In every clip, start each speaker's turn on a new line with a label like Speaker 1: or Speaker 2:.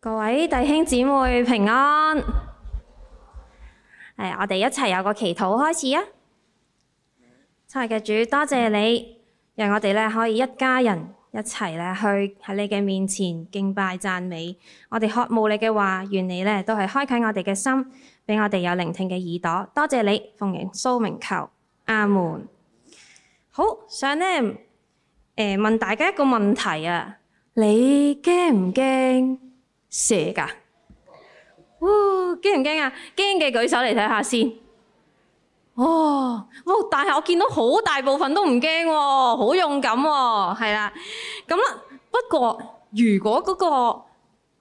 Speaker 1: 各位弟兄姊妹平安，哎、我哋一齊有個祈禱開始啊！親愛的主，多謝你讓我哋咧可以一家人一齊咧去喺你嘅面前敬拜讚美，我哋渴慕你嘅話，願你咧都係開啟我哋嘅心，俾我哋有聆聽嘅耳朵。多謝你，奉耶穌名求，阿門。好，想咧誒問大家一個問題啊，你驚唔驚？蛇噶，哇，驚唔驚啊？驚嘅舉手嚟睇下先。哦，哦，但係我見到好大部分都唔驚喎，好勇敢喎，哦，係啦。咁，嗯，啦，不過如果嗰，那個嗰，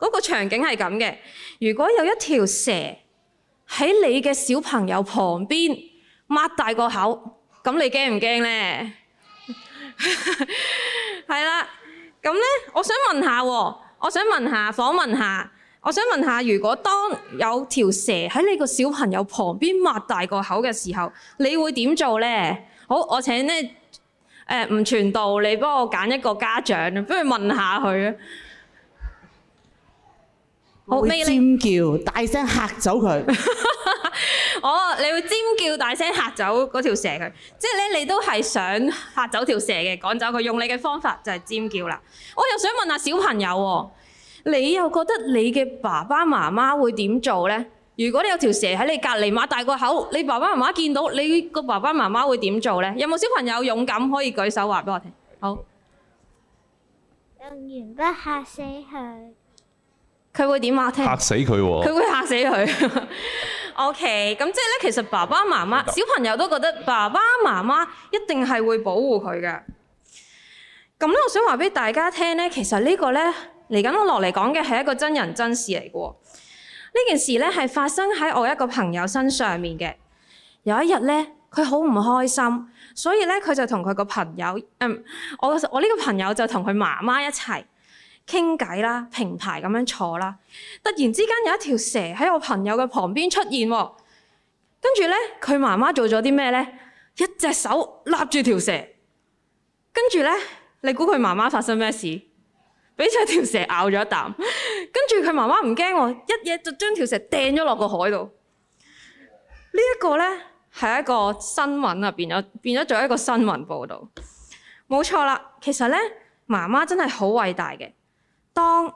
Speaker 1: 那個場景係咁嘅，如果有一條蛇喺你嘅小朋友旁邊擘大個口，咁你驚唔驚咧？係 啦，咁，嗯，咧，我想問下，哦。我想問下訪問下，我想問下，如果當有條蛇喺你個小朋友旁邊擘大個口嘅時候，你會點做呢？好，我請呢，誒、呃、吳傳道，你幫我揀一個家長，不如問下佢啊！好，我會尖
Speaker 2: 叫，大聲嚇走佢。
Speaker 1: 我、哦、你會尖叫，大聲嚇走嗰條蛇佢，即係咧你都係想嚇走條蛇嘅，趕走佢用你嘅方法就係尖叫啦。我、哦、又想問下小朋友，你又覺得你嘅爸爸媽媽會點做呢？如果你有條蛇喺你隔籬，擘大個口，你爸爸媽媽見到你個爸爸媽媽會點做呢？有冇小朋友勇敢可以舉手話俾我聽？好，用完巴嚇死佢，佢會點啊？嚇死
Speaker 2: 佢、哦，佢會嚇死
Speaker 1: 佢。 O.K. 咁即係咧，其實爸爸媽媽小朋友都覺得爸爸媽媽一定係會保護佢嘅。咁我想話俾大家聽咧，其實呢個咧嚟緊我落嚟講嘅係一個真人真事嚟嘅。呢件事咧係發生喺我一個朋友身上面嘅。有一日咧，佢好唔開心，所以咧佢就同佢個朋友，嗯、呃，我我呢個朋友就同佢媽媽一齊。傾偈啦，平排咁樣坐啦。突然之間有一條蛇喺我朋友嘅旁邊出現，跟住呢，佢媽媽做咗啲咩呢？一隻手攬住條蛇，跟住呢，你估佢媽媽發生咩事？俾隻條蛇咬咗一啖，跟住佢媽媽唔驚，一嘢就將條蛇掟咗落個海度。呢一個呢，係一個新聞啊，變咗變咗做一個新聞報導。冇錯啦，其實呢，媽媽真係好偉大嘅。當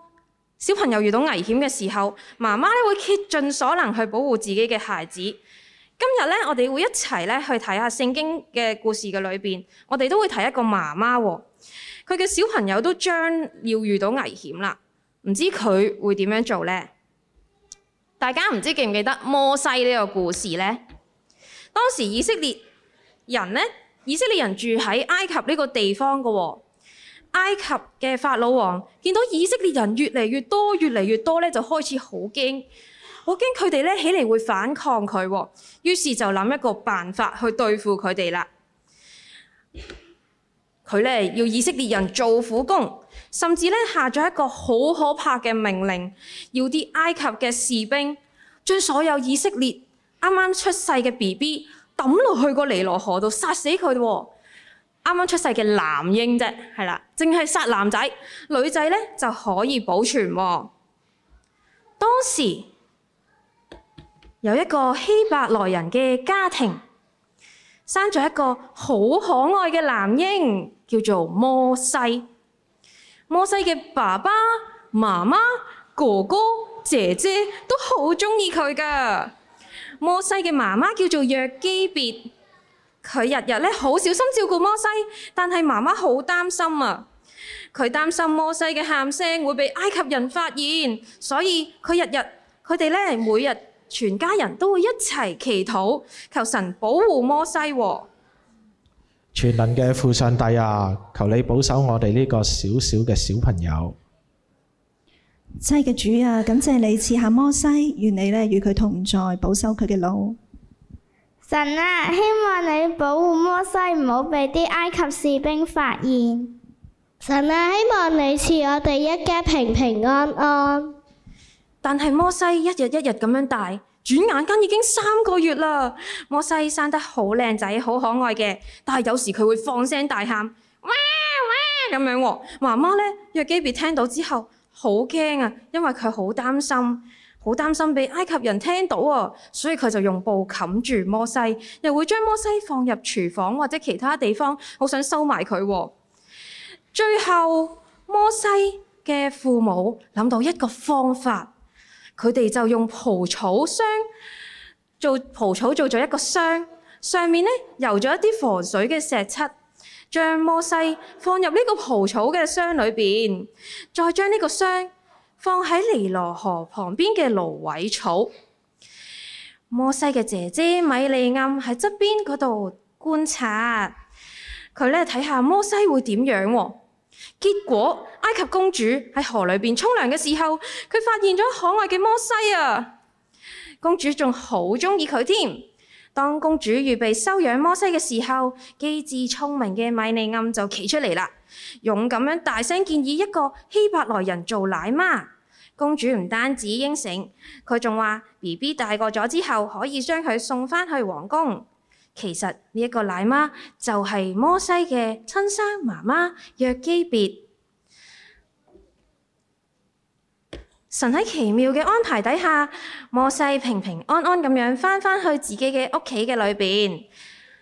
Speaker 1: 小朋友遇到危險嘅時候，媽媽咧會竭盡所能去保護自己嘅孩子。今日咧，我哋會一齊咧去睇下聖經嘅故事嘅裏邊，我哋都會睇一個媽媽，佢嘅小朋友都將要遇到危險啦。唔知佢會點樣做呢？大家唔知記唔記得摩西呢個故事呢？當時以色列人咧，以色列人住喺埃及呢個地方嘅，哦。埃及嘅法老王見到以色列人越嚟越多，越嚟越多咧，就開始好驚，好驚佢哋咧起嚟會反抗佢，於是就諗一個辦法去對付佢哋啦。佢咧要以色列人做苦工，甚至咧下咗一個好可怕嘅命令，要啲埃及嘅士兵將所有以色列啱啱出世嘅 BB 抌落去個尼羅河度殺死佢喎。啱啱出世嘅男嬰啫。係啦，淨係殺男仔，女仔咧就可以保存喎。當時有一個希伯來人嘅家庭，生咗一個好可愛嘅男嬰，叫做摩西。摩西嘅爸爸、媽媽、哥哥、姐姐都好鍾意佢㗎。摩西嘅媽媽叫做約基別。佢日日咧好小心照顧摩西，但係媽媽好擔心啊！佢擔心摩西嘅喊聲會被埃及人發現，所以佢日日佢哋咧每日全家人都會一齊祈禱，求神保護摩西啊。
Speaker 2: 全能嘅父上帝啊，求你保守我哋呢個小小嘅小朋友。
Speaker 1: 親愛嘅主啊，感謝你賜下摩西，願你咧與佢同在，保守佢嘅腦。神啊，希望你保護摩西唔好俾啲埃及士兵發現。神啊，希望你賜我哋一家平平安安。但係摩西一日一日咁樣大，轉眼間已經三個月啦。摩西生得好靚仔，好可愛嘅，但係有時佢會放聲大喊，哇哇咁樣。媽媽呢，約基別聽到之後好驚啊，因為佢好擔心。好擔心俾埃及人聽到啊、哦，所以佢就用布冚住摩西，又會將摩西放入廚房或者其他地方，好想收埋佢喎。最後摩西嘅父母諗到一個方法，佢哋就用蒲草箱做蒲草做咗一個箱，上面呢油咗一啲防水嘅石漆，將摩西放入呢個蒲草嘅箱裏面，再將呢個箱，放喺尼羅河旁邊嘅蘆葦草，摩西嘅姐姐米利暗喺側邊嗰度觀察，佢咧睇下摩西會點樣。結果埃及公主喺河裏邊沖涼嘅時候，佢發現咗可愛嘅摩西啊！公主仲好鍾意佢添。當公主預備收養摩西嘅時候，機智聰明嘅米利暗就企出嚟啦，勇敢咁大聲建議一個希伯來人做奶媽。公主唔單止應承，佢仲話：BB 大個咗之後可以將佢送返去皇宮。其實呢一個奶媽就係摩西嘅親生媽媽約基別。神喺奇妙嘅安排底下，摩西平平安安咁樣翻返去自己嘅屋企嘅裏邊。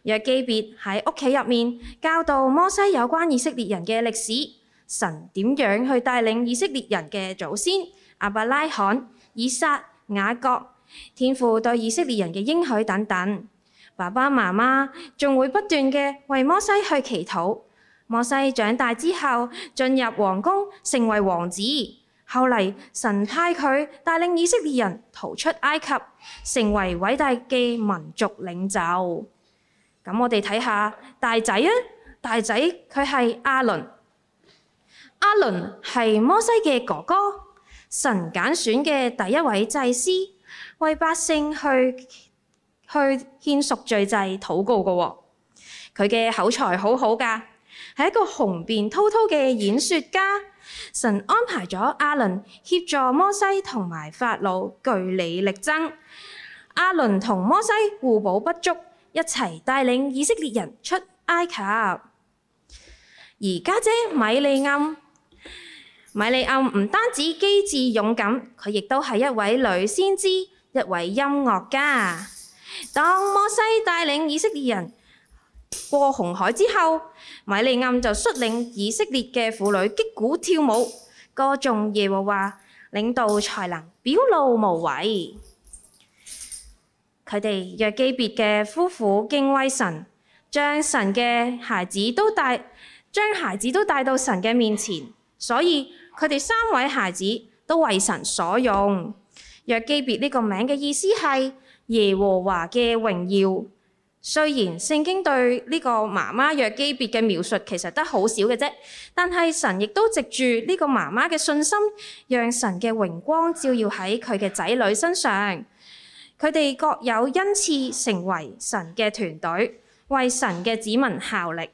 Speaker 1: 約基別喺屋企入面教導摩西有關以色列人嘅歷史，神點樣去帶領以色列人嘅祖先阿伯拉罕、以撒、雅各，天父對以色列人嘅應許等等。爸爸媽媽仲會不斷嘅為摩西去祈禱。摩西長大之後，進入皇宮成為王子。後嚟神派佢帶領以色列人逃出埃及，成為偉大嘅民族領袖。咁我哋睇下大仔啊，大仔佢係阿倫，阿倫係摩西嘅哥哥，神揀選嘅第一位祭司，為百姓去去獻贖罪祭、禱告噶。佢嘅口才好好噶，係一個雄辯滔滔嘅演說家。神安排咗阿倫協助摩西同埋法老據理力爭，阿倫同摩西互補不足，一齊帶領以色列人出埃及。而家姐，姐米利暗，米利暗唔單止機智勇敢，佢亦都係一位女先知，一位音樂家。當摩西帶領以色列人。過紅海之後，米利暗就率領以色列嘅婦女擊鼓跳舞，歌頌耶和華領導才能，表露無遺。佢哋約基別嘅夫婦敬畏神，將神嘅孩子都帶，將孩子都帶到神嘅面前，所以佢哋三位孩子都為神所用。約基別呢個名嘅意思係耶和華嘅榮耀。雖然聖經對呢個媽媽約基別嘅描述其實得好少嘅啫，但係神亦都藉住呢個媽媽嘅信心，讓神嘅榮光照耀喺佢嘅仔女身上，佢哋各有恩賜，成為神嘅團隊，為神嘅子民效力。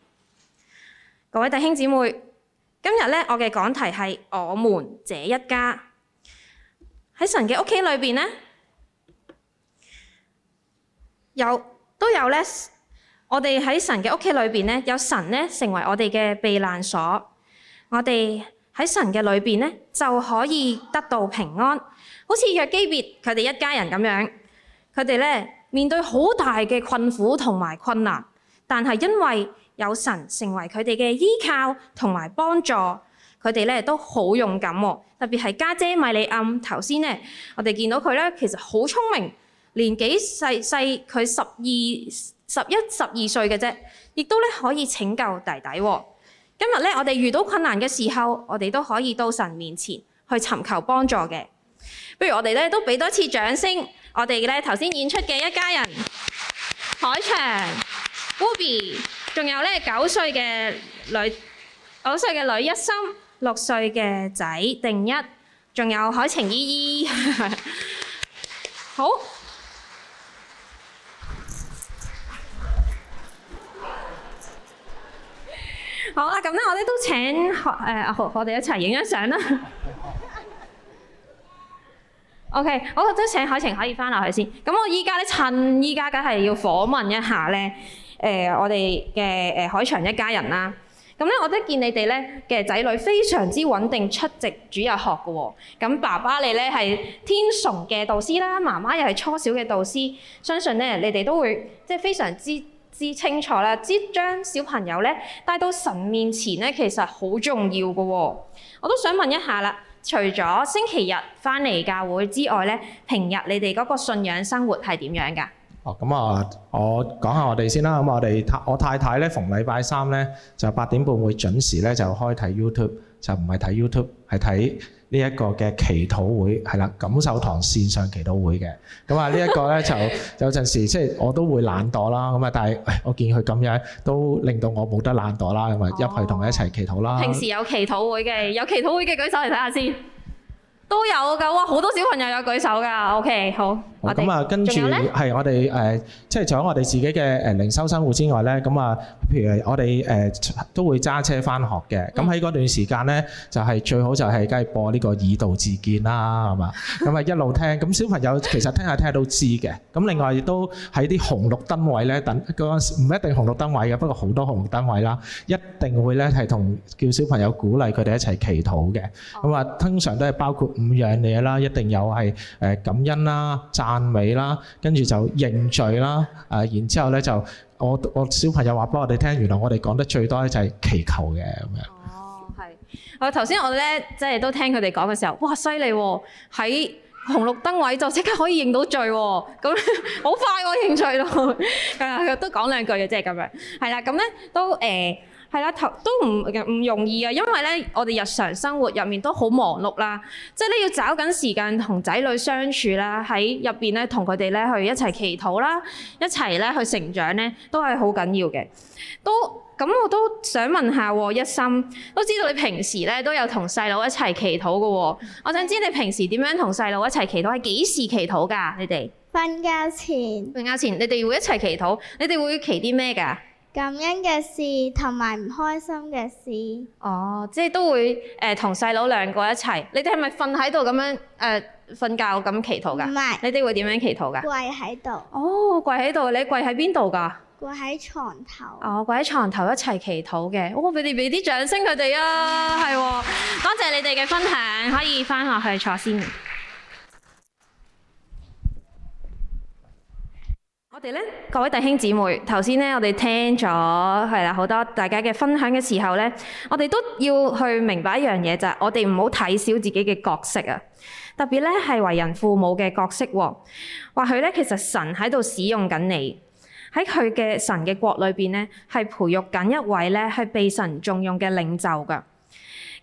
Speaker 1: 各位弟兄姊妹，今日呢，我嘅講題係我們這一家。喺神嘅屋企裏邊呢，有，都有咧，我哋喺神嘅屋企裏邊咧，有神咧成為我哋嘅避難所。我哋喺神嘅裏邊咧，就可以得到平安。好似約基別佢哋一家人咁樣，佢哋咧面對好大嘅困苦同埋困難，但係因為有神成為佢哋嘅依靠同埋幫助，佢哋咧都好勇敢。特別係家姐米利暗，頭先咧我哋見到佢咧，其實好聰明。年紀細細，佢十二、十一、十二歲嘅啫，亦都咧可以拯救弟弟。今日咧，我哋遇到困難嘅時候，我哋都可以到神面前去尋求幫助嘅。不如我哋咧都俾多次掌聲。我哋咧頭先演出嘅一家人，海祥、Bobby，仲有咧九歲嘅女，九歲嘅女一心，六歲嘅仔定一，仲有海晴姨姨。 好。好啦，咁咧我哋都請誒、呃，我我哋一齊影張相啦。 OK，我都請海晴可以翻落去先。咁我依家咧趁依家梗係要訪問一下咧，誒、呃、我哋嘅誒海翔一家人啦。咁咧我都見你哋咧嘅仔女非常之穩定出席主日學嘅喎。咁爸爸你咧係天崇嘅導師啦，媽媽又係初小嘅導師，相信咧你哋都會即係、就是、非常之。知清楚啦，即將小朋友咧帶到神面前咧，其實好重要㗎喎、哦。我都想問一下啦，除咗星期日返嚟教會之外咧，平日你哋嗰個信仰生活係點樣㗎？哦，
Speaker 2: 咁啊，我講下我哋先啦。咁我哋太我太太咧，逢禮拜三咧就八點半會準時咧就開睇 YouTube，就唔係睇 YouTube 係睇。呢一個嘅祈禱會係啦，錦繡堂線上祈禱會嘅。咁啊，呢一個咧就有陣時 即係我都會懶惰啦。咁啊，但係我見佢咁樣都令到我冇得懶惰啦。咁啊，入去同佢一齊祈禱啦、哦。平時
Speaker 1: 有祈禱會嘅，有祈禱會嘅舉手嚟睇下先。都有㗎，哇！好多小朋友有舉手㗎。OK，好。
Speaker 2: 咁啊，跟住係我哋誒，即係除咗我哋自己嘅誒靈修生活之外咧，咁啊，譬如我哋誒都會揸車翻學嘅，咁喺嗰段時間咧，就係最好就係梗係播呢個爾道自建啦，係嘛？咁啊一路聽，咁小朋友其實聽下聽下都知嘅。咁另外亦都喺啲紅綠燈位咧，等嗰陣時唔一定紅綠燈位嘅，不過好多紅綠燈位啦，一定會咧係同叫小朋友鼓勵佢哋一齊祈禱嘅。咁啊，通常都係包括五樣嘢啦，一定有係誒感恩啦，贊。懺啦，跟住、嗯、就認罪啦，誒、啊，然之後咧就我我小朋友話俾我哋聽，原來我哋講得最多咧就係祈求嘅咁樣。
Speaker 1: 哦，係，我頭先我咧即係都聽佢哋講嘅時候，哇，犀利喎！喺紅綠燈位就即刻可以認到罪喎、啊，咁好 快喎、啊、認罪咯，誒， 都講兩句嘅即係咁樣，係啦，咁咧都誒。呃係啦，都唔唔容易啊，因為咧，我哋日常生活入面都好忙碌啦，即係咧要找緊時間同仔女相處啦，喺入邊咧同佢哋咧去一齊祈禱啦，一齊咧去成長咧，都係好緊要嘅。都咁我都想問下一心，都知道你平時咧都有同細佬一齊祈禱嘅。我想知你平時點樣同細佬一齊祈禱，係幾時祈禱㗎？你哋瞓覺前。瞓覺前，你哋會一齊祈禱，你哋會祈啲咩㗎？感恩嘅事同埋唔開心嘅事，哦，即係都會誒同細佬兩個一齊。你哋係咪瞓喺度咁樣誒瞓覺咁祈禱噶唔係，你哋會點樣祈禱噶？跪喺度。哦，跪喺度，你跪喺邊度噶？跪喺床頭。哦，跪喺床頭一齊祈禱嘅。哦，你哋俾啲掌聲佢哋啊，係，多謝你哋嘅分享，可以翻下去坐先。我哋咧，各位弟兄姊妹，頭先咧，我哋聽咗係啦，好多大家嘅分享嘅時候咧，我哋都要去明白一樣嘢就係，我哋唔好睇小自己嘅角色啊，特別咧係為人父母嘅角色，或許咧其實神喺度使用緊你喺佢嘅神嘅國裏邊咧，係培育緊一位咧係被神重用嘅領袖噶。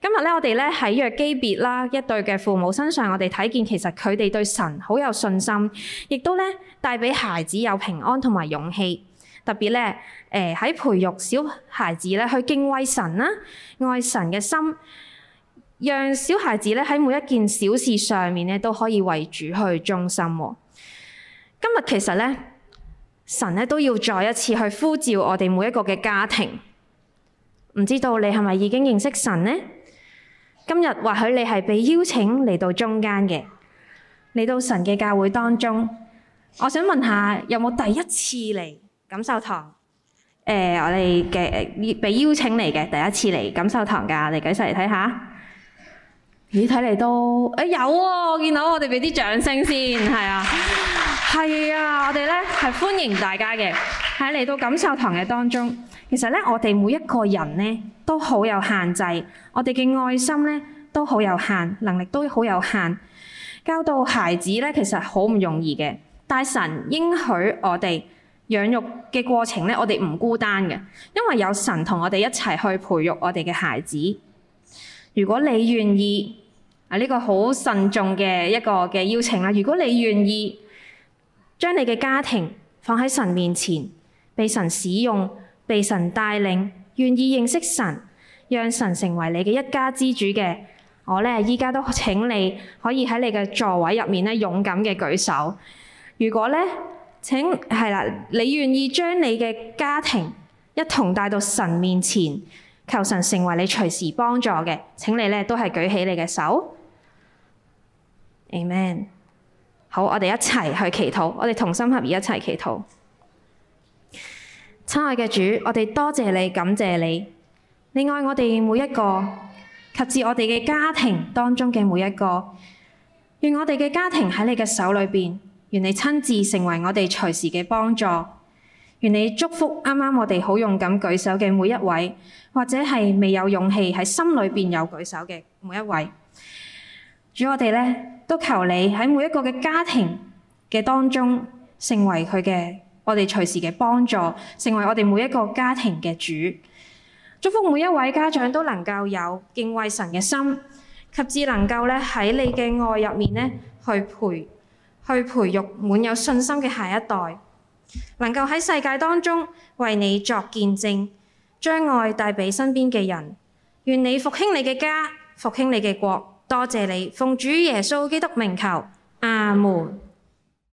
Speaker 1: 今日咧，我哋咧喺若基別啦一對嘅父母身上，我哋睇見其實佢哋對神好有信心，亦都咧帶俾孩子有平安同埋勇氣。特別咧，誒喺培育小孩子咧去敬畏神啦、愛神嘅心，讓小孩子咧喺每一件小事上面咧都可以為主去忠心。今日其實咧，神咧都要再一次去呼召我哋每一個嘅家庭。唔知道你係咪已經認識神呢？今日或許你係被邀請嚟到中間嘅，嚟到神嘅教會當中。我想問下，有冇第一次嚟錦繡堂？誒，我哋嘅被邀請嚟嘅第一次嚟錦繡堂噶，我哋舉手嚟睇下。咦，睇嚟都誒有啊！我見到，我哋俾啲掌聲先，係啊。係啊，我哋咧係歡迎大家嘅。喺嚟到感受堂嘅當中，其實咧我哋每一個人咧都好有限制，我哋嘅愛心咧都好有限，能力都好有限，教導孩子咧其實好唔容易嘅。但係神應許我哋養育嘅過程咧，我哋唔孤單嘅，因為有神同我哋一齊去培育我哋嘅孩子。如果你願意啊，呢、這個好慎重嘅一個嘅邀請啦。如果你願意。將你嘅家庭放喺神面前，被神使用，被神帶領，願意認識神，讓神成為你嘅一家之主嘅，我呢，依家都請你可以喺你嘅座位入面呢，勇敢嘅舉手。如果呢，請係啦，你願意將你嘅家庭一同帶到神面前，求神成為你隨時幫助嘅，請你呢都係舉起你嘅手。Amen。好，我哋一齊去祈禱，我哋同心合意一齊祈禱。親愛嘅主，我哋多謝你，感謝你，你愛我哋每一個，及至我哋嘅家庭當中嘅每一個。願我哋嘅家庭喺你嘅手裏邊，願你親自成為我哋隨時嘅幫助。願你祝福啱啱我哋好勇敢舉手嘅每一位，或者係未有勇氣喺心裏邊有舉手嘅每一位。主，我哋呢，都求你喺每一個嘅家庭嘅當中，成為佢嘅我哋隨時嘅幫助，成為我哋每一個家庭嘅主。祝福每一位家長都能夠有敬畏神嘅心，及至能夠咧喺你嘅愛入面咧去培去培育育滿有信心嘅下一代，能夠喺世界當中為你作見證，將愛帶俾身邊嘅人。願你復興你嘅家，復興你嘅國。多謝你，奉主耶穌基督名求，阿門。